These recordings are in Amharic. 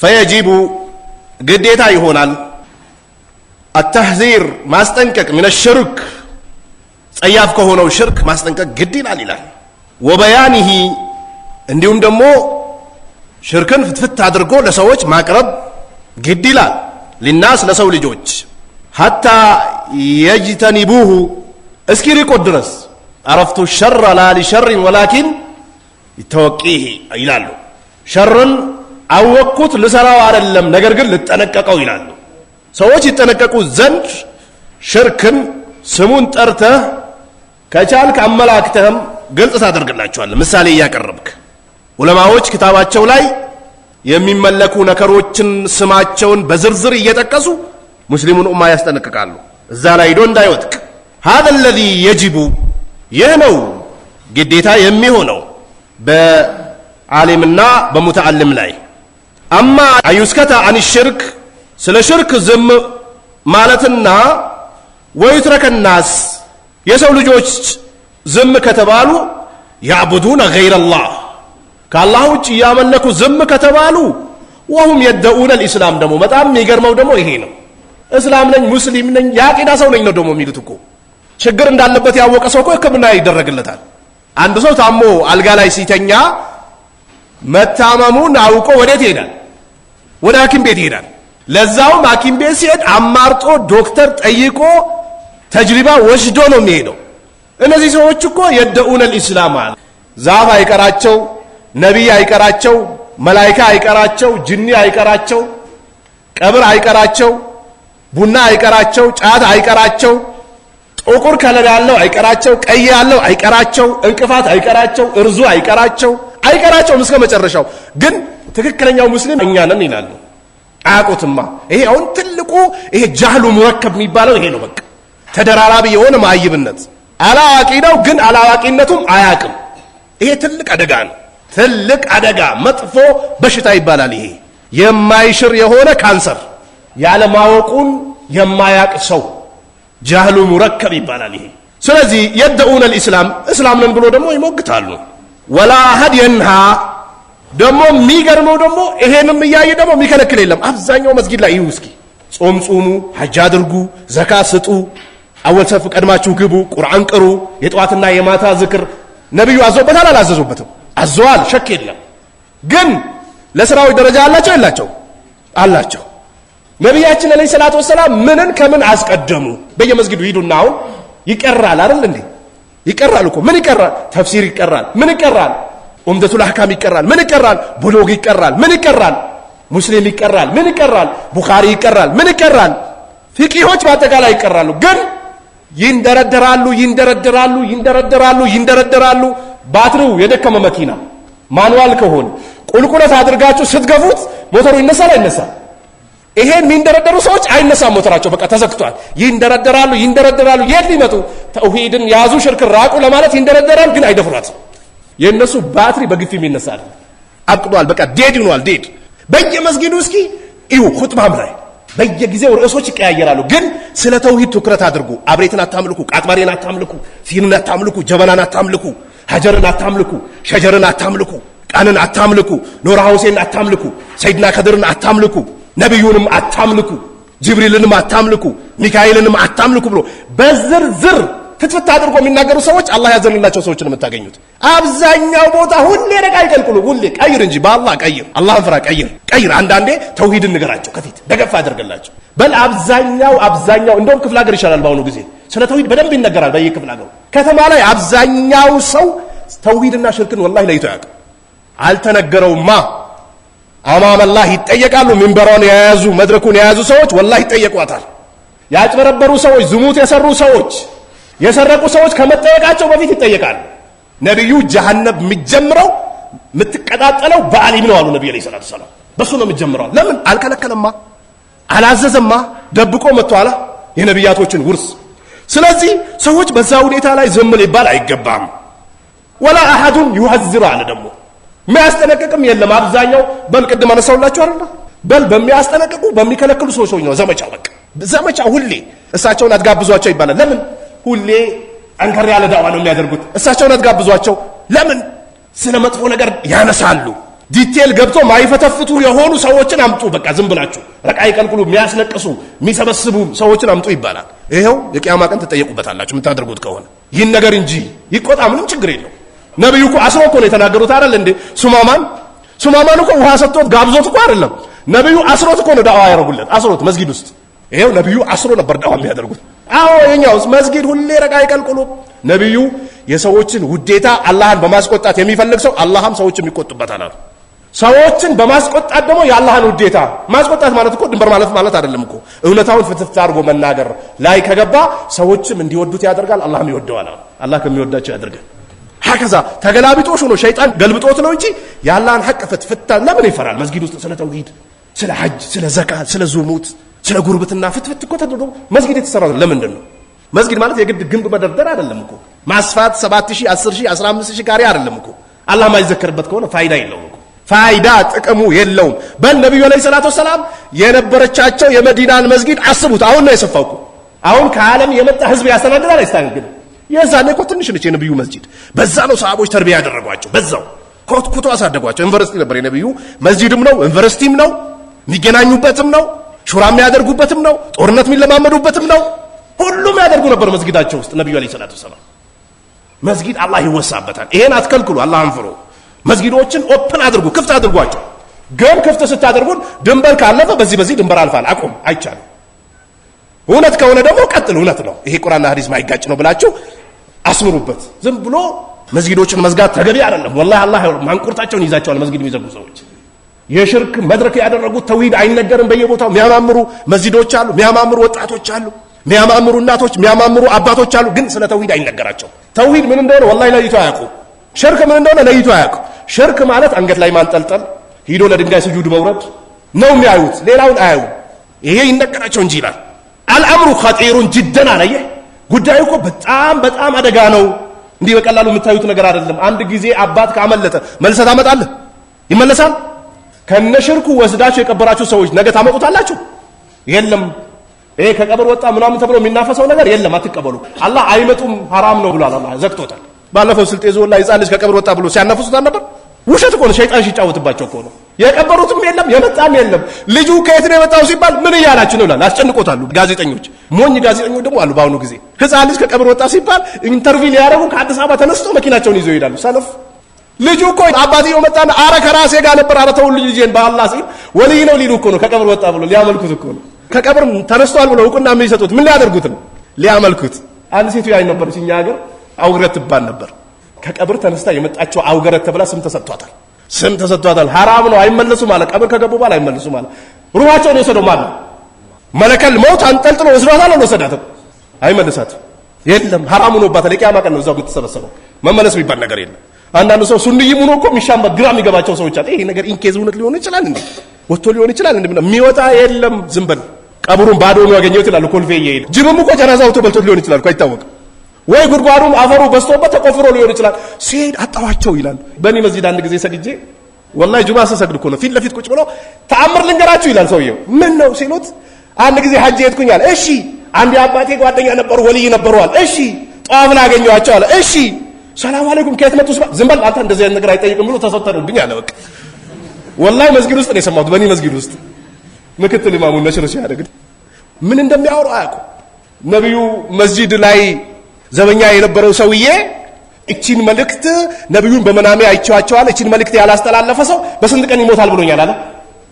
ፈየጂቡ ግዴታ ይሆናል አተሕዚር ማስጠንቀቅ ሚነ ሽርክ ጸያፍ ከሆነው ሽርክ ማስጠንቀቅ ግድ ይላል ይላል። ወበያኒሂ እንዲሁም ደግሞ ሽርክን ፍትፍት አድርጎ ለሰዎች ማቅረብ ግድ ይላል። ሊናስ ለሰው ልጆች ሐታ የጅተኒቡሁ እስኪ ሪቆት ድረስ አረፍቱ ሸረ ላ ሊሸሪን ወላኪን ይተወቂህ ይላሉ ሸርን አወቅኩት ልሰራው አይደለም፣ ነገር ግን ልጠነቀቀው ይላሉ። ሰዎች ይጠነቀቁ ዘንድ ሽርክን ስሙን ጠርተ ከቻልክ አመላክተህም ግልጽ ታደርግላቸዋለህ። ምሳሌ እያቀረብክ ዑለማዎች ክታባቸው ላይ የሚመለኩ ነከሮችን ስማቸውን በዝርዝር እየጠቀሱ ሙስሊሙን ኡማ ያስጠነቅቃሉ። እዛ ላይ ዶ እንዳይወጥቅ هذا الذي يجب ይህ ነው ግዴታ የሚሆነው በዓሊምና በሙተዓልም ላይ አማ አዩስከታ አን ሽርክ ስለ ሽርክ ዝም ማለትና ወዩትረከናስ የሰው ልጆች ዝም ከተባሉ ያዕቡዱነ ገይረላህ ከአላህ ውጭ እያመለኩ ዝም ከተባሉ ወሁም የደኡነ ልእስላም ደግሞ በጣም የሚገርመው ደግሞ ይሄ ነው። እስላም ነኝ ሙስሊም ነኝ የአቂዳ ሰው ነኝ ነው ደግሞ የሚሉት እኮ። ችግር እንዳለበት ያወቀ ሰው እኮ ህክምና ይደረግለታል። አንድ ሰው ታሞ አልጋ ላይ ሲተኛ መታመሙን አውቆ ወዴት ይሄዳል? ወደ ሐኪም ቤት ይሄዳል። ለዛውም ሐኪም ቤት ሲሄድ አማርጦ ዶክተር ጠይቆ ተጅሪባ ወስዶ ነው የሚሄደው። እነዚህ ሰዎች እኮ የደኡነል ኢስላም አለ ዛፍ አይቀራቸው፣ ነቢይ አይቀራቸው፣ መላይካ አይቀራቸው፣ ጅኒ አይቀራቸው፣ ቀብር አይቀራቸው፣ ቡና አይቀራቸው፣ ጫት አይቀራቸው፣ ጥቁር ከለር ያለው አይቀራቸው፣ ቀይ ያለው አይቀራቸው፣ እንቅፋት አይቀራቸው፣ እርዙ አይቀራቸው አይቀራቸውም እስከ መጨረሻው። ግን ትክክለኛው ሙስሊም እኛ ነን ይላሉ። አያውቁትማ። ይሄ አሁን ትልቁ ይሄ ጃህሉ ሙረከብ የሚባለው ይሄ ነው። በቃ ተደራራቢ የሆነ ማይብነት አላዋቂ ነው፣ ግን አላዋቂነቱም አያቅም። ይሄ ትልቅ አደጋ ነው። ትልቅ አደጋ፣ መጥፎ በሽታ ይባላል። ይሄ የማይሽር የሆነ ካንሰር፣ ያለማወቁን የማያቅ ሰው ጃህሉ ሙረከብ ይባላል። ይሄ ስለዚህ የደኡነ ልእስላም እስላም ነን ብሎ ደግሞ ይሞግታሉ። ወላ አሀድ የንሃ ደግሞ የሚገርመው ደግሞ ይሄንም እያየ ደግሞ የሚከለክል የለም። አብዛኛው መስጊድ ላይ ይሁ እስኪ ጾም ጹሙ፣ ሐጅ አድርጉ፣ ዘካ ስጡ፣ አወል ሰፍ ቀድማችሁ ግቡ፣ ቁርአን ቅሩ፣ የጠዋትና የማታ ዝክር ነቢዩ አዘውበታል አላዘዙበትም? አዘዋል። ሸክ የለም። ግን ለስራዎች ደረጃ አላቸው የላቸው? አላቸው። ነቢያችን አለይሂ ሰላቱ ወሰላም ምንን ከምን አስቀደሙ? በየመስጊዱ ሂዱና አሁን ይቀራል አይደል እንዴ ይቀራል እኮ ምን ይቀራል? ተፍሲር ይቀራል። ምን ይቀራል? ኡምደቱል አህካም ይቀራል። ምን ይቀራል? ብሎግ ይቀራል። ምን ይቀራል? ሙስሊም ይቀራል። ምን ይቀራል? ቡኻሪ ይቀራል። ምን ይቀራል? ፍቂሆች በአጠቃላይ ይቀራሉ። ግን ይንደረደራሉ፣ ይንደረደራሉ፣ ይንደረደራሉ፣ ይንደረደራሉ። ባትሪው የደከመ መኪና ማንዋል ከሆነ ቁልቁለት አድርጋችሁ ስትገፉት ሞተሩ ይነሳል አይነሳል? ይሄን የሚንደረደሩ ሰዎች አይነሳ ሞተራቸው በቃ ተዘግቷል። ይንደረደራሉ፣ ይንደረደራሉ። የት ሊመጡ? ተውሂድን ያዙ፣ ሽርክን ራቁ ለማለት ይንደረደራል፣ ግን አይደፍሯት። የእነሱ ባትሪ በግፊ የሚነሳል። አብቅዷል፣ በቃ ዴድ ይሆኗል። ዴድ በየመስጊዱ እስኪ ይሁ ሁጥባም ላይ በየጊዜው ርዕሶች ይቀያየራሉ። ግን ስለ ተውሂድ ትኩረት አድርጉ። አብሬትን አታምልኩ፣ ቃጥባሬን አታምልኩ፣ ሲንን አታምልኩ፣ ጀበናን አታምልኩ፣ ሀጀርን አታምልኩ፣ ሸጀርን አታምልኩ፣ ቃንን አታምልኩ፣ ኖራ ሁሴን አታምልኩ፣ ሰይድና ከድርን አታምልኩ ነቢዩንም አታምልኩ፣ ጅብሪልንም አታምልኩ፣ ሚካኤልንም አታምልኩ ብሎ በዝርዝር ፍትፍት አድርጎ የሚናገሩ ሰዎች አላህ ያዘንላቸው ሰዎች ነው የምታገኙት። አብዛኛው ቦታ ሁሌ ነቃ አይቀልቅሉ፣ ሁሌ ቀይር እንጂ በአላህ ቀይር፣ አላህን ፍራ፣ ቀይር፣ ቀይር። አንዳንዴ ተውሂድን ንገራቸው፣ ከፊት ደገፍ አድርገላቸው። በል አብዛኛው አብዛኛው እንደውም ክፍለ ሀገር ይሻላል። በአሁኑ ጊዜ ስለ ተውሂድ በደንብ ይነገራል በየክፍለ ሀገሩ። ከተማ ላይ አብዛኛው ሰው ተውሂድና ሽርክን ወላሂ ለይቶ ያውቅ አልተነገረውማ አማም ይጠየቃሉ። ሚንበሯን የያዙ መድረኩን የያዙ ሰዎች ወላሂ ይጠየቋታል። ያጭበረበሩ ሰዎች፣ ዝሙት የሰሩ ሰዎች፣ የሰረቁ ሰዎች ከመጠየቃቸው በፊት ይጠየቃሉ። ነቢዩ ጀሃነም የሚጀምረው የምትቀጣጠለው በአሊም ነው አሉ ነቢዩ ዐለይሂ ሰላቱ ሰላም። በእሱ ነው የሚጀምረው። ለምን አልከለከለማ፣ አላዘዘማ፣ ደብቆ መጥቷላ የነቢያቶችን ውርስ። ስለዚህ ሰዎች በዛ ሁኔታ ላይ ዝም ሊባል አይገባም። ወላ አሐዱን ይሐዝር አለ ደግሞ የሚያስጠነቅቅም የለም። አብዛኛው በል ቅድም አነሳውላችሁ አይደለ በል በሚያስጠነቅቁ በሚከለክሉ ሰዎች ነው ዘመቻው። በቃ ዘመቻው ሁሌ እሳቸውን አትጋብዟቸው ይባላል። ለምን ሁሌ ጠንከር ያለ ዳዋ ነው የሚያደርጉት? እሳቸውን አትጋብዟቸው ለምን? ስለ መጥፎ ነገር ያነሳሉ። ዲቴል ገብቶ ማይፈተፍቱ የሆኑ ሰዎችን አምጡ። በቃ ዝም ብላችሁ ረቃ ይቀልቅሉ፣ የሚያስለቅሱ የሚሰበስቡ ሰዎችን አምጡ ይባላል። ይኸው የቅያማ ቀን ትጠየቁበታላችሁ የምታደርጉት ከሆነ ይህን ነገር እንጂ ይቆጣ ምንም ችግር የለው። ነብዩ እኮ አስሮ እኮ ነው የተናገሩት አይደል እንዴ? ሱማማን ሱማማን እኮ ውሃ ሰጥቶት ጋብዞት እኮ አይደለም። ነብዩ አስሮት እኮ ነው ዳዋ ያደረጉለት። አስሮት መስጊድ ውስጥ ይሄው ነብዩ አስሮ ነበር ዳዋ የሚያደርጉት። አዎ የኛው መስጊድ ሁሌ ረቃ ይቀልቅሉ። ነብዩ የሰዎችን ውዴታ አላህን በማስቆጣት የሚፈልግ ሰው አላህም ሰዎችም ይቆጡበታል አሉ። ሰዎችን በማስቆጣት ደግሞ የአላህን ውዴታ ማስቆጣት ማለት እኮ ድንበር ማለፍ ማለት አይደለም እኮ እውነታውን ፍትፍት አድርጎ መናገር ላይ ከገባ ሰዎችም እንዲወዱት ያደርጋል፣ አላህም ይወደዋል። አላህ ከሚወዳቸው ያደርጋል። ሀከዛ ተገላቢጦሽ ሆኖ ሸይጣን ገልብጦት ነው እንጂ የአላህን ሐቅ ፍትፍታ ለምን ይፈራል? መስጊድ ውስጥ ስለ ተውሂድ፣ ስለ ሐጅ፣ ስለ ዘካ፣ ስለ ዙሙት፣ ስለ ጉርብትና ፍትፍት እኮ ተደርጎ መስጊድ የተሰራው ለምንድን ነው? መስጊድ ማለት የግድ ግንብ መደርደር አይደለም እኮ ማስፋት 7000፣ 10000፣ 15000 ካሬ አይደለም እኮ አላህ ማይዘከርበት ከሆነ ፋይዳ የለውም እኮ ፋይዳ ጥቅሙ የለውም። በል ነቢዩ ዓለይሂ ሰላቱ ወሰላም የነበረቻቸው የመዲናን መስጊድ አስቡት። አሁን ነው የሰፋው እኮ አሁን ከዓለም የመጣ ህዝብ ያስተናግዳል አይስተናግድም? የዛኔ እኮ ትንሽ ነች የነቢዩ መስጂድ። በዛ ነው ሰሃቦች ተርቢያ ያደረጓቸው። በዛው ኮትኩቶ አሳደጓቸው። ዩኒቨርሲቲ ነበር የነቢዩ መስጂድም ነው ዩኒቨርሲቲም ነው የሚገናኙበትም ነው ሹራ የሚያደርጉበትም ነው ጦርነት የሚለማመዱበትም ነው። ሁሉም ያደርጉ ነበር መስጊዳቸው ውስጥ ነቢዩ አለይሂ ሰላቱ ሰላም። መስጊድ አላህ ይወሳበታል። ይሄን አትከልክሉ፣ አላህን ፍሩ። መስጊዶችን ኦፕን አድርጉ፣ ክፍት አድርጓቸው። ግን ክፍት ስታደርጉን ድንበር ካለፈ በዚህ በዚህ ድንበር አልፋል አቁም አይቻልም። እውነት ከሆነ ደግሞ ቀጥል፣ እውነት ነው ይሄ ቁርአንና ሀዲስ ማይጋጭ ነው ብላችሁ አስምሩበት። ዝም ብሎ መስጊዶችን መዝጋት ተገቢ አይደለም። ወላሂ አላህ ማንቁርታቸውን ይዛቸዋል። መስጊድ የሚዘጉ ሰዎች የሽርክ መድረክ ያደረጉት ተውሂድ አይነገርም። በየቦታው የሚያማምሩ መስጊዶች አሉ፣ የሚያማምሩ ወጣቶች አሉ፣ የሚያማምሩ እናቶች፣ የሚያማምሩ አባቶች አሉ። ግን ስለ ተውሂድ አይነገራቸው። ተውሂድ ምን እንደሆነ ወላሂ ለይቶ አያውቁ። ሽርክ ምን እንደሆነ ለይቶ አያውቁ። ሽርክ ማለት አንገት ላይ ማንጠልጠል፣ ሂዶ ለድንጋይ ስጁድ መውረድ ነው የሚያዩት። ሌላውን አያዩ። ይሄ ይነገራቸው እንጂ ይላል። አልአምሩ ኸጢሩን ጅደን አለየ ጉዳዩ እኮ በጣም በጣም አደጋ ነው። እንዲህ በቀላሉ የምታዩት ነገር አይደለም። አንድ ጊዜ አባት ካመለጠ መልሰ ታመጣለህ፣ ይመለሳል። ከነ ሽርኩ ወስዳችሁ የቀበራችሁ ሰዎች ነገ ታመቁታላችሁ። የለም ይሄ ከቀብር ወጣ ምናምን ተብሎ የሚናፈሰው ነገር የለም፣ አትቀበሉ። አላህ አይመጡም፣ ሐራም ነው ብሏል። አላህ ዘግቶታል። ባለፈው ስልጤ ዞን ላይ ልጅ ከቀብር ወጣ ብሎ ሲያናፍሱት አልነበር? ውሸት እኮ ነው። ሸይጣን ሲጫወትባቸው እኮ ነው። የቀበሩትም የለም የመጣም የለም። ልጁ ከየት ነው የመጣው ሲባል ምን እያላችሁ ነው ይላል። አስጨንቆታሉ ጋዜጠኞች፣ ሞኝ ጋዜጠኞች ደግሞ አሉ። በአሁኑ ጊዜ ህፃን ልጅ ከቀብር ወጣ ሲባል ኢንተርቪው ሊያደርጉ ከአዲስ አበባ ተነስቶ መኪናቸውን ይዘው ይሄዳሉ። ሰልፍ ልጁ እኮ አባትየው መጣና አረ ከራሴ ጋር ነበር፣ አረ ተው ልጄን በአላህ ሲል ወልይ ነው ሊሉ እኮ ነው። ከቀብር ወጣ ብሎ ሊያመልኩት እኮ ነው። ከቀብር ተነስቷል ብሎ እውቅና የሚሰጡት ምን ሊያደርጉት ነው? ሊያመልኩት። አንድ ሴቱ ያኝ ነበር፣ እኛ ሀገር አውግረት ትባል ነበር ከቀብር ተነስታ የመጣቸው አውገረት ተብላ ስም ተሰጥቷታል። ስም ተሰጥቷታል። ሐራም ነው አይመለሱም አለ። ቀብር ከገቡ በኋላ አይመለሱም አለ። ሩሃቸውን የወሰደው ማን ነው? መለከል መውት አንጠልጥሎ ወስዷታል። አልወሰዳትም። አይመልሳትም። የለም ሐራም ሆኖባታል። የቂያማ ቀን ነው እዛው የምትሰበሰበው። መመለስ የሚባል ነገር የለም። አንዳንዱ ሰው ሱንይም ሆኖ እኮ የሚሻማ ግራ የሚገባቸው ሰዎች አለ። ይሄ ነገር ኢንኬዝ እውነት ሊሆን ይችላል እንዴ? ወጥቶ ሊሆን ይችላል እንዴ? የሚወጣ የለም ዝም በል ቀብሩን ባዶ ነው ያገኘው ይላል። ኮልፌ እየሄደ ጅብም እኮ ጀናዛው ተበልቶት ሊሆን ይችላል እኮ አይታወቅም። ወይ ጉድጓዱም አፈሩ በዝቶበት ተቆፍሮ ሊሆን ይችላል። ሲሄድ አጣዋቸው ይላል። በእኔ መስጂድ አንድ ጊዜ ሰግጄ ወላሂ ጁማ ስሰግድ እኮ ነው ፊት ለፊት ቁጭ ብሎ ተአምር ልንገራችሁ ይላል ሰውየው። ምን ነው ሲሉት አንድ ጊዜ ሀጅ ሄድኩኛል። እሺ አንድ አባቴ ጓደኛ ነበሩ ወልይ ነበረዋል። እሺ ጠዋፍ ላይ አገኘኋቸው አለ። እሺ ሰላም አለይኩም ከየት መጡ? ዝም በል አንተ እንደዚህ አይነት ነገር አይጠይቅም ብሎ ተሰተሩብኝ አለ። በቃ ወላሂ መስጊድ ውስጥ ነው የሰማሁት። በእኔ መስጊድ ውስጥ ምክትል ኢማሙን ነሽር ሲያደግ ምን እንደሚያወሩ አያውቁ ነቢዩ መስጂድ ላይ ዘበኛ የነበረው ሰውዬ እቺን መልእክት ነቢዩን በመናሜ አይቸዋቸዋል እቺን መልእክት ያላስተላለፈ ሰው በስንት ቀን ይሞታል ብሎኛል አለ።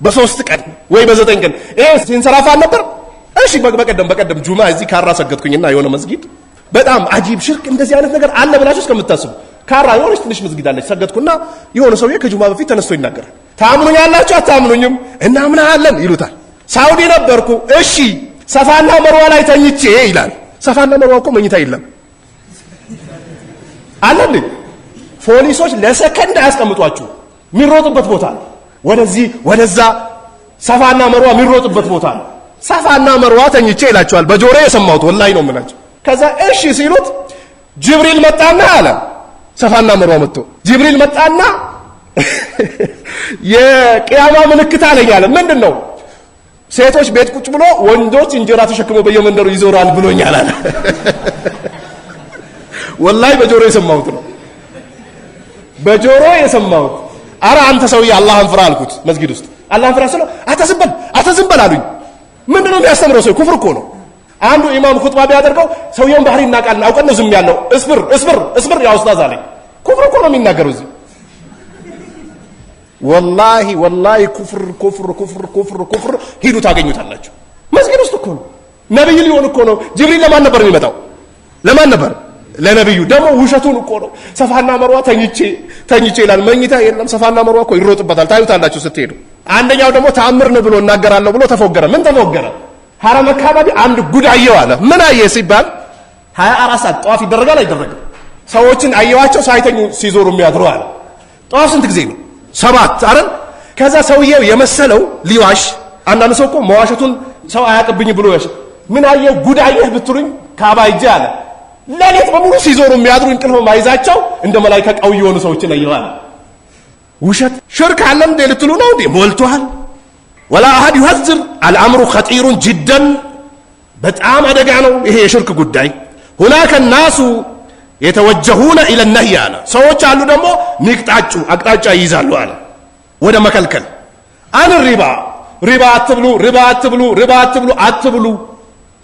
በሶስት ቀን ወይ በዘጠኝ ቀን ይሄ ሲንሰራፋ ነበር። እሺ በቀደም በቀደም ጁማ እዚህ ካራ ሰገድኩኝና የሆነ መስጊድ በጣም አጂብ ሽርክ፣ እንደዚህ አይነት ነገር አለ ብላችሁ እስከምታስቡ ካራ የሆነች ትንሽ መስጊድ አለች። ሰገድኩና የሆነ ሰውዬ ከጁማ በፊት ተነስቶ ይናገራል። ታምኑኝ አላችሁ አታምኑኝም? እናምናለን ይሉታል። ሳውዲ ነበርኩ። እሺ ሰፋና መርዋ ላይ ተኝቼ ይላል። ሰፋና መርዋ እኮ መኝታ የለም አለልኝ። ፖሊሶች ለሰከንድ አያስቀምጧችሁ። የሚሮጥበት ቦታ ወደዚህ ወደዛ፣ ሰፋና መርዋ የሚሮጥበት ቦታ ሰፋና መርዋ ተኝቼ ይላቸዋል። በጆሮ የሰማሁት ወላሂ ነው የምላቸው። ከዛ እሺ ሲሉት ጅብሪል መጣና አለ ሰፋና መርዋ መጥቶ ጅብሪል መጣና የቅያማ ምልክት አለኛለ አለ። ምንድን ነው? ሴቶች ቤት ቁጭ ብሎ ወንዶች እንጀራ ተሸክሞ በየመንደሩ ይዞራል ብሎኛል አለ። ወላይ በጆሮ የሰማሁት ነው። በጆሮ የሰማሁት አረ አንተ ሰውዬ አላህን ፍራ አልኩት። መስጊድ ውስጥ አላህን ፍራ ስለው አተዝበል አተዝበል አሉኝ። ምንድነው ነው የሚያስተምረው? ሰው ኩፍር እኮ ነው። አንዱ ኢማም ኹጥባ ቢያደርገው ሰውየውን ባህሪ እናውቃለን፣ አውቀን ነው ዝም ያለው። እስብር እስብር እስብር ያው ኡስታዝ አለኝ። ኩፍር እኮ ነው የሚናገረው እዚህ ወላሂ ወላሂ ኩፍር ኩፍር ኩፍር ኩፍር ኩፍር ሂዱ ታገኙታላችሁ። መስጊድ ውስጥ እኮ ነው ነብይ ሊሆን እኮ ነው። ጅብሪል ለማን ነበር የሚመጣው? ለማን ነበር ለነብዩ ደግሞ ውሸቱን እኮ ነው። ሰፋና መርዋ ተኝቼ ተኝቼ ይላል። መኝታ የለም። ሰፋና መርዋ እኮ ይሮጥበታል። ታዩታላችሁ ስትሄዱ። አንደኛው ደግሞ ተአምር ነው ብሎ እናገራለሁ ብሎ ተፎገረ። ምን ተፎገረ? ሐረም አካባቢ አንድ ጉድ አየው አለ። ምን አየ ሲባል 24 ሰዓት ጧፍ ይደረጋል አይደረግም? ሰዎችን አየዋቸው ሳይተኙ ሲዞሩ የሚያድሩ አለ። ጧፍ ስንት ጊዜ ነው? ሰባት አይደል? ከዛ ሰውየው የመሰለው ሊዋሽ። አንዳንድ ሰው እኮ መዋሸቱን ሰው አያቅብኝ ብሎ ያሽ ምን አየው ጉድ አየህ ብትሉኝ ካባ ይጄ አለ ለሌት በሙሉ ሲዞሩ የሚያድሩ እንቅልፍ ማይዛቸው እንደ መላይካ ቀው የሆኑ ሰዎችን ለይዋል። ውሸት ሽርክ አለም እንደ ልትሉ ነው እንዴ? ሞልቷል። ወላ አሃድ ይሐዝር አልአምሩ ኸጢሩን ጅደን በጣም አደጋ ነው ይሄ የሽርክ ጉዳይ። ሁናከ ናሱ የተወጀሁነ ኢለ ነህይ አለ። ሰዎች አሉ ደግሞ ንቅጣጩ አቅጣጫ ይይዛሉ አለ ወደ መከልከል አን ሪባ ሪባ አትብሉ፣ ሪባ አትብሉ፣ ሪባ አትብሉ፣ አትብሉ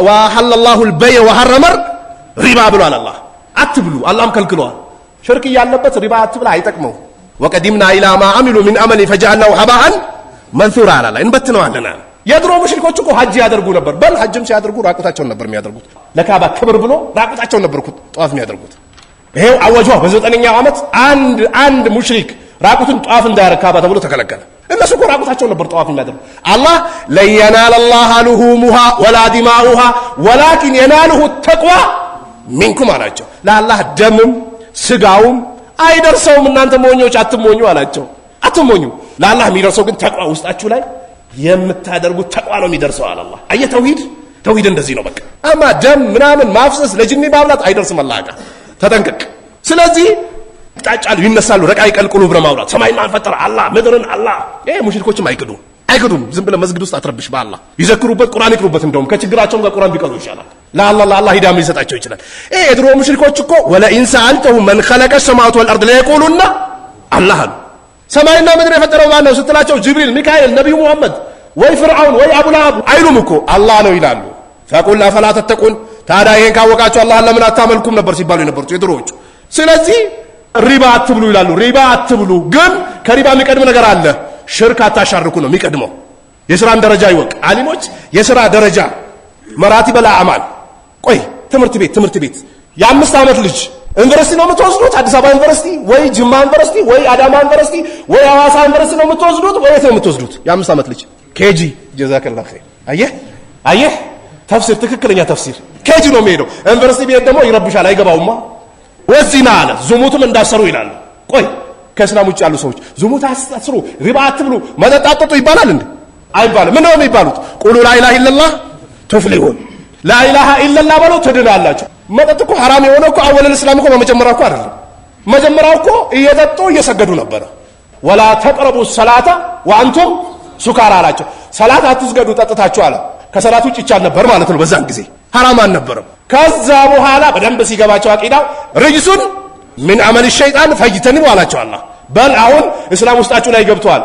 ወሐለላሁ አልበይ ወሐረመር ሪባ ብሏል አላህ አትብሉ። አላህም ከልክሏል። ሽርክ እያለበት ሪባ አትብላ አይጠቅመው። ወቀዲምና ኢላ ማ አሚሉ ሚን አመል ፈጃአልናሁ ሀባአን መንሱራ አላላ እንበትነዋለን የድሮ ሙሽሪኮች እኮ ሀጅ ያደርጉ ነበር። በል ሀጅም ሲያደርጉ ራቁታቸውን ነበር የሚያደርጉት። ለካባ ክብር ብሎ ራቁታቸውን ነበር ጠዋፍ የሚያደርጉት። ይሄው አወጇ በዘጠነኛው ዓመት አንድ አንድ ሙሽሪክ ራቁትን ጠዋፍ እንዳያደርግ ካባ ተብሎ ተከለከለ። እነሱ እኮ ራቁታቸውን ነበር ጠዋፍ የሚያደርጉ። አላህ ለን የናላ ላህ ሉሁሙሃ ወላ ዲማኡሃ ወላኪን የናልሁ ተቅዋ ሚንኩም አላቸው። ለአላህ ደምም ስጋውም አይደርሰውም። እናንተ ሞኞች አትሞኙ አላቸው። አትሞኙ። ለአላህ የሚደርሰው ግን ተቋ ውስጣችሁ ላይ የምታደርጉት ተቋ ነው የሚደርሰው አለ አላህ። ተውሂድ ተውሂድ እንደዚህ ነው በቃ። አማ ደም ምናምን ማፍሰስ ለጅኒ ማብላት አይደርስም አላህ ጋር ተጠንቀቅ። ስለዚህ ጫጫሉ ይነሳሉ ረቃ ይቀልቅሉ ብለ ማውራት ማን ፈጠረ አላህ ምድርን አላህ ይሄ ሙሽሪኮችም አይክዱም። አይክዱም። ዝም ብለህ መስጊድ ውስጥ አትረብሽ። በአላህ ይዘክሩበት፣ ቁርአን ይቅሩበት። እንደውም ከችግራቸውም ጋር ቁርአን ቢቀሩ ይሻላል። ለአላህ ለአላህ ሂዳም ሊሰጣቸው ይችላል። ይሄ የድሮ ሙሽሪኮች እኮ ወለኢን ሰአልተሁም መን ኸለቀ ሰማዋት ወልአርድ ለየቁሉና አላህ አሉ። ሰማይና ምድር የፈጠረው ማን ነው ስትላቸው፣ ጅብሪል፣ ሚካኤል፣ ነቢዩ ሙሐመድ ወይ ፍርዓውን ወይ አቡላሃብ አይሉም እኮ አላህ ነው ይላሉ። ፈቁል አፈላ ተተቁን፣ ታዲያ ይሄን ካወቃችሁ አላህን ለምን አታመልኩም ነበር ሲባሉ የነበሩት የድሮዎቹ። ስለዚህ ሪባ አትብሉ ይላሉ። ሪባ አትብሉ ግን ከሪባ የሚቀድም ነገር አለ ሽርክ አታሻርኩ ነው የሚቀድመው። የስራን ደረጃ ይወቅ። አሊሞች የስራ ደረጃ መራቲ በላ አማል ቆይ ትምህርት ቤት ትምህርት ቤት የአምስት ዓመት ልጅ ዩኒቨርሲቲ ነው የምትወስዱት? አዲስ አበባ ዩኒቨርሲቲ ወይ ጅማ ዩኒቨርሲቲ ወይ አዳማ ዩኒቨርሲቲ ወይ ሐዋሳ ዩኒቨርሲቲ ነው የምትወስዱት? ወይ የት ነው የምትወስዱት? የአምስት ዓመት ልጅ ኬጂ። ጀዛከላ ኸይር። አየህ አየህ፣ ተፍሲር ትክክለኛ ተፍሲር ኬጂ ነው የሚሄደው። ዩኒቨርሲቲ ቤት ደግሞ ይረብሻል፣ አይገባውማ። ወዚና አለ ዙሙትም እንዳሰሩ ይላሉ። ቆይ ከእስላም ውጭ ያሉ ሰዎች ዝሙት አስሩ፣ ሪባ አትብሉ፣ መጠጥ አትጠጡ ይባላል እንዴ? አይባልም። ምን ምንድነው የሚባሉት? ቁሉ ላኢላሃ ኢለላህ ቱፍሊሁን፣ ላኢላሃ ኢለላህ በለው ትድናላችሁ። መጠጥ እኮ ሐራም የሆነ እኮ አወለል እስላም እኮ በመጀመሪያ እኮ አይደለም። መጀመሪያ እኮ እየጠጡ እየሰገዱ ነበረ። ወላ ተቅረቡ ሰላታ ወአንቱም ሱካራ አላቸው። ሰላት አትስገዱ ጠጥታችሁ አለ። ከሰላት ውጭ ይቻል ነበር ማለት ነው። በዛን ጊዜ ሐራም አልነበረም። ከዛ በኋላ በደንብ ሲገባቸው አቂዳ ርጅሱን ምን አመል ሸይጣን ፈጅተንቡ አላቸው አላህ በል አሁን እስላም ውስጣችሁ ላይ ገብቷል።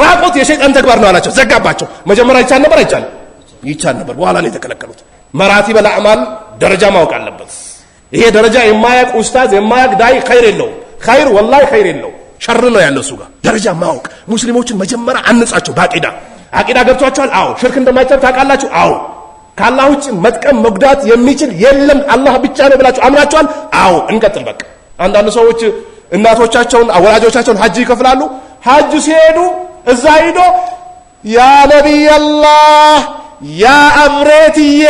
ራቁት የሸይጣን ተግባር ነው አላቸው። ዘጋባቸው። መጀመሪያ ይቻል ነበር አይቻል? ይቻል ነበር። በኋላ ነው የተከለከሉት። መራቲ በላዕማል ደረጃ ማወቅ አለበት። ይሄ ደረጃ የማያቅ ኡስታዝ የማያቅ ዳይ ኸይር የለው ኸይር ወላሂ ኸይር የለው ሸር ነው ያለው እሱ ጋር። ደረጃ ማወቅ ሙስሊሞችን መጀመሪያ አንጻቸው በአቂዳ አቂዳ ገብቷቸዋል። አዎ ሽርክ እንደማይቻል ታውቃላችሁ። አዎ ከአላህ ውጭ መጥቀም መጉዳት የሚችል የለም አላህ ብቻ ነው ብላችሁ አምናችኋል። አዎ እንቀጥል። በቃ አንዳንድ ሰዎች እናቶቻቸውን ወላጆቻቸውን ሀጅ ይከፍላሉ። ሀጅ ሲሄዱ እዛ ሂዶ ያ ነቢያላህ ያ አብሬትዬ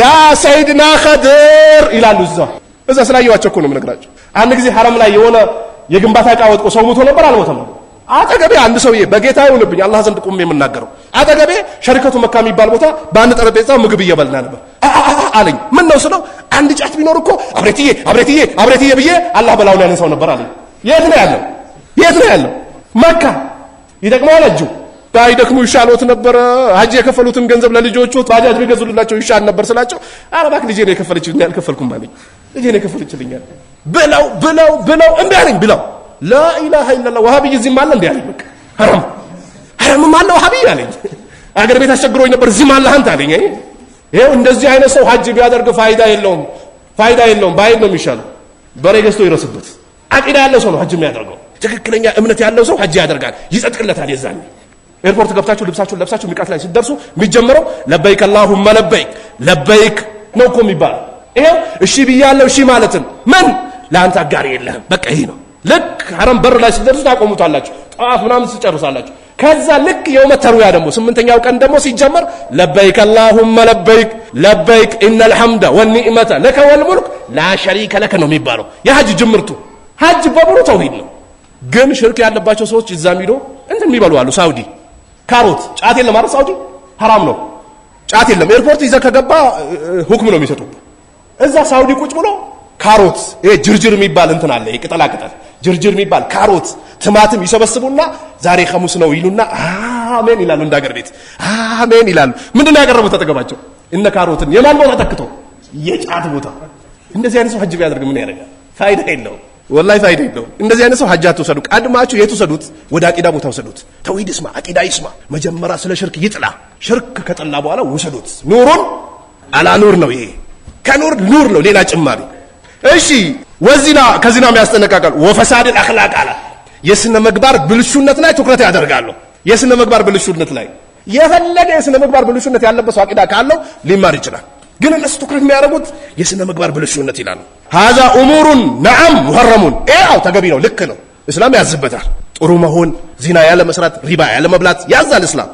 ያ ሰይድና ከድር ይላሉ። እዛ እዛ ስላየዋቸው እኮ ነው የምነግራቸው። አንድ ጊዜ ሐረም ላይ የሆነ የግንባታ እቃ ወጥቆ ሰው ሙቶ ነበር። አልሞተም። አጠገቤ አንድ ሰውዬ በጌታ ይሁንብኝ አላህ ዘንድ ቁሜ የምናገረው አጠገቤ ሸሪከቱ መካ የሚባል ቦታ በአንድ ጠረጴዛ ምግብ እየበልና ነበር አለኝ። ምን ነው ስለው አንድ ጫት ቢኖር እኮ አብሬትዬ አብሬትዬ አብሬትዬ ብዬ አላህ በላውን ያነሳው ነበር አለ። የት ነው ያለው? የት ነው ያለው? መካ ይጠቅመዋል እጁ ደክሙ ይሻሎት ነበረ። ሀጅ የከፈሉትን ገንዘብ ለልጆቹ ባጃጅ ቢገዙላቸው ይሻል ነበር ስላቸው፣ ኧረ እባክህ ልጄ ነው የከፈለችልኝ አልከፈልኩም አለኝ። ልጄ ነው የከፈለችልኝ ብለው ብለው ብለው እምቢ አለኝ ብለው ላኢላሃ ኢለላህ ወሃቢይ እዚህም አለ እንዲ አለኝ። በቃ ሐራም ሐራምም አለ ወሃቢይ አለኝ። አገር ቤት አስቸግሮኝ ነበር እዚህም አለ አንተ አለኝ። ይሄው እንደዚህ አይነት ሰው ሀጅ ቢያደርግ ፋይዳ የለውም፣ ፋይዳ የለውም። ባይድ ነው የሚሻለው። በሬ ገዝቶ ይረስበት። አቂዳ ያለው ሰው ነው ሀጅ የሚያደርገው። ትክክለኛ እምነት ያለው ሰው ሀጅ ያደርጋል፣ ይጸድቅለታል። የዛኔ ኤርፖርት ገብታችሁ ልብሳችሁን ለብሳችሁ ሚቃት ላይ ሲደርሱ የሚጀምረው ለበይክ አላሁመ ለበይክ ለበይክ ነው እኮ የሚባለው። ይሄው እሺ ብያለሁ እሺ ማለትን ምን ለአንተ አጋሪ የለህም። በቃ ይሄ ነው። ልክ ሀረም በር ላይ ሲደርሱ ታቆሙታላችሁ። ጠዋፍ ምናምን ትጨርሳላችሁ። ከዛ ልክ የውመ ተርዊያ ደግሞ ስምንተኛው ቀን ደግሞ ሲጀመር ለበይክ አላሁመ ለበይክ ለበይክ ኢነል ሐምደ ወኒዕመተ ለከ ወልሙልክ ላ ሸሪከ ለከ ነው የሚባለው። የሐጅ ጅምርቱ ሐጅ በሙሉ ተውሂድ ነው። ግን ሽርክ ያለባቸው ሰዎች እዛም ሂዶ እንትን የሚበሉ አሉ። ሳውዲ ካሮት ጫት የለም አይደል? ሳውዲ ሐራም ነው ጫት የለም። ኤርፖርት ይዘህ ከገባ ሁክም ነው የሚሰጡ። እዛ ሳውዲ ቁጭ ብሎ ካሮት ይሄ ጅርጅር የሚባል እንትን አለ፣ ቅጠላ ቅጠል ጅርጅር የሚባል ካሮት ትማትም ይሰበስቡና ዛሬ ኸሙስ ነው ይሉና አሜን ይላሉ። እንደ ሀገር ቤት አሜን ይላሉ። ምንድን ነው ያቀረቡት አጠገባቸው? እነ ካሮትን የማን ቦታ ተክቶ የጫት ቦታ። እንደዚህ አይነት ሰው ሀጅ ቢያደርግ ምን ያደርጋል? ፋይዳ የለው፣ ወላሂ ፋይዳ የለው። እንደዚህ አይነት ሰው ሀጅ አትውሰዱ። ቀድማችሁ የት ውሰዱት? ወደ አቂዳ ቦታ ውሰዱት። ተውሂድ ይስማ፣ አቂዳ ይስማ። መጀመሪያ ስለ ሽርክ ይጥላ። ሽርክ ከጠላ በኋላ ውሰዱት። ኑሩን አላኑር ነው ይሄ ከኑር ኑር ነው ሌላ ጭማሪ። እሺ ወዚና ከዚና የሚያስጠነቅቃል ወፈሳድል አኽላቅ አላ የስነ ምግባር ብልሹነት ላይ ትኩረት ያደርጋሉ። የስነ ምግባር ብልሹነት ላይ የፈለገ የስነ ምግባር ብልሹነት ያለበት ሰው አቂዳ ካለው ሊማር ይችላል። ግን እነሱ ትኩረት የሚያደርጉት የስነ ምግባር ብልሹነት ይላሉ። ሀዛ እሙሩን ነዓም ሙሐረሙን ው ተገቢ ነው፣ ልክ ነው። እስላም ያዝበታል። ጥሩ መሆን፣ ዚና ያለ መስራት፣ ሪባ ያለ መብላት ያዛል እስላም።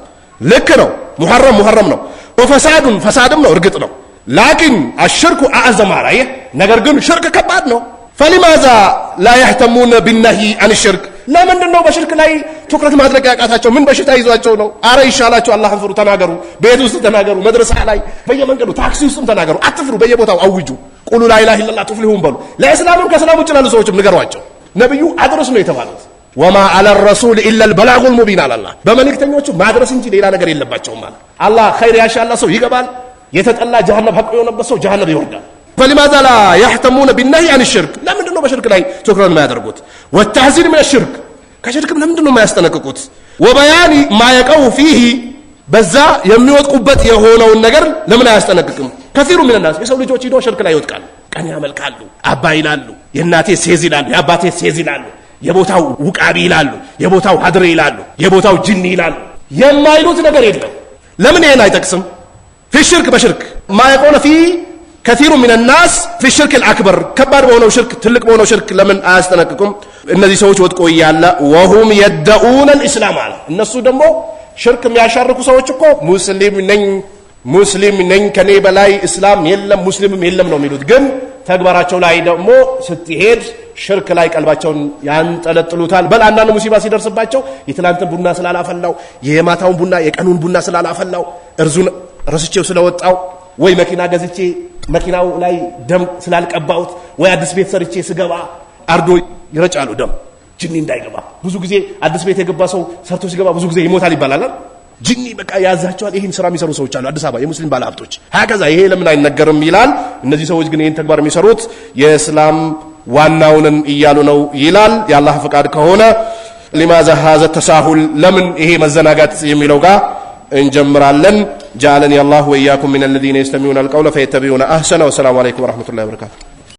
ልክ ነው። ሙሐረም ሙሐረም ነው። ወፈሳዱን ፈሳድም ነው፣ እርግጥ ነው። ላኪን አሽርኩ አዕዘም አላየ ነገር ግን ሽርክ ከባድ ነው። ፈሊማዛ ላ የህተሙነ ቢነሂ አን ሽርክ ለምንድን ነው በሽርክ ላይ ትኩረት ማድረግ ያቃታቸው? ምን በሽታ ይዟቸው ነው? አረ ይሻላቸው፣ አላህን ፍሩ፣ ተናገሩ። ቤት ውስጥ ተናገሩ፣ መድረሳ ላይ፣ በየመንገዱ ታክሲ ውስጥም ተናገሩ። አትፍሩ፣ በየቦታው አውጁ። ቁሉ ላ ኢላሀ ኢለላህ ቱፍሊሁን በሉ። ለእስላምም ከእስላም ውጭ ላሉ ሰዎችም ንገሯቸው። ነቢዩ አድርስ ነው የተባሉት። ወማ አለ ረሱል ኢለል በላጉል ሙቢን አላላ። በመልእክተኞቹ ማድረስ እንጂ ሌላ ነገር የለባቸውም አለ። አላህ ኸይር ያሻላ ሰው ይገባል፣ የተጠላ ጀሃነብ ሐቅ የሆነበት ሰው ጀሃነብ ይወርዳል። ፈሊማዛ ላ ያህተሙነ ቢነህይ አን ሽርክ በሽርክ ላይ ትኩረት የማያደርጉት ወታህዚር ምን ሽርክ ከሽርክም ለምንድን ነው የማያስጠነቅቁት ወበያኒ ማየቀው ፊህ በዛ የሚወጥቁበት የሆነውን ነገር ለምን አያስጠነቅቅም ከፊሩ ሚንናስ የሰው ልጆች ሂዶ ሽርክ ላይ ይወጥቃሉ ቀን ያመልካሉ አባ ይላሉ የእናቴ ሴዝ ይላሉ የአባቴ ሴዝ ይላሉ የቦታው ውቃቢ ይላሉ የቦታው ሀድሬ ይላሉ የቦታው ጅኒ ይላሉ የማይሉት ነገር የለም ለምን ይሄን አይጠቅስም ፊ ሽርክ በሽርክ ማየቀውነ ፊህ ከሲሩ ሚንናስ ፊ ሽርክ አክበር ከባድ በሆነው ሽርክ ትልቅ በሆነው ሽርክ ለምን አያስጠነቅቁም? እነዚህ ሰዎች ወጥቆ እያለ ወሁም የደኡን ልእስላም አለ። እነሱ ደግሞ ሽርክ የሚያሻርኩ ሰዎች እኮ ሙስሊም ነኝ ሙስሊም ነኝ ከኔ በላይ እስላም የለም ሙስሊምም የለም ነው የሚሉት። ግን ተግባራቸው ላይ ደግሞ ስትሄድ ሽርክ ላይ ቀልባቸውን ያንጠለጥሉታል። በል አንዳንድ ሙሲባ ሲደርስባቸው የትላንትን ቡና ስላላፈላው፣ የማታውን ቡና፣ የቀኑን ቡና ስላላፈላው፣ እርዙን ረስቼው ስለወጣው ወይ መኪና ገዝቼ መኪናው ላይ ደም ስላልቀባሁት ወይ አዲስ ቤት ሰርቼ ስገባ አርዶ ይረጫሉ ደም ጅኒ እንዳይገባ። ብዙ ጊዜ አዲስ ቤት የገባ ሰው ሰርቶ ሲገባ ብዙ ጊዜ ይሞታል ይባላል። ጅኒ በቃ ያዛቸዋል። ይህን ስራ የሚሰሩ ሰዎች አሉ፣ አዲስ አበባ የሙስሊም ባለሀብቶች ሀከዛ። ይሄ ለምን አይነገርም ይላል። እነዚህ ሰዎች ግን ይህን ተግባር የሚሰሩት የእስላም ዋናውንን እያሉ ነው ይላል። የአላህ ፈቃድ ከሆነ ሊማዛ ሀዘ ተሳሁል ለምን ይሄ መዘናጋት የሚለው ጋር እንጀምራለን። ጃአለን የአላሁ ወኢያኩም ሚን አለዚነ የስተሚዑነ አልቀውለ ፈየተቢዑነ አህሰነ። ወሰላሙ አለይኩም ወረሕመቱላሂ ወበረካቱ።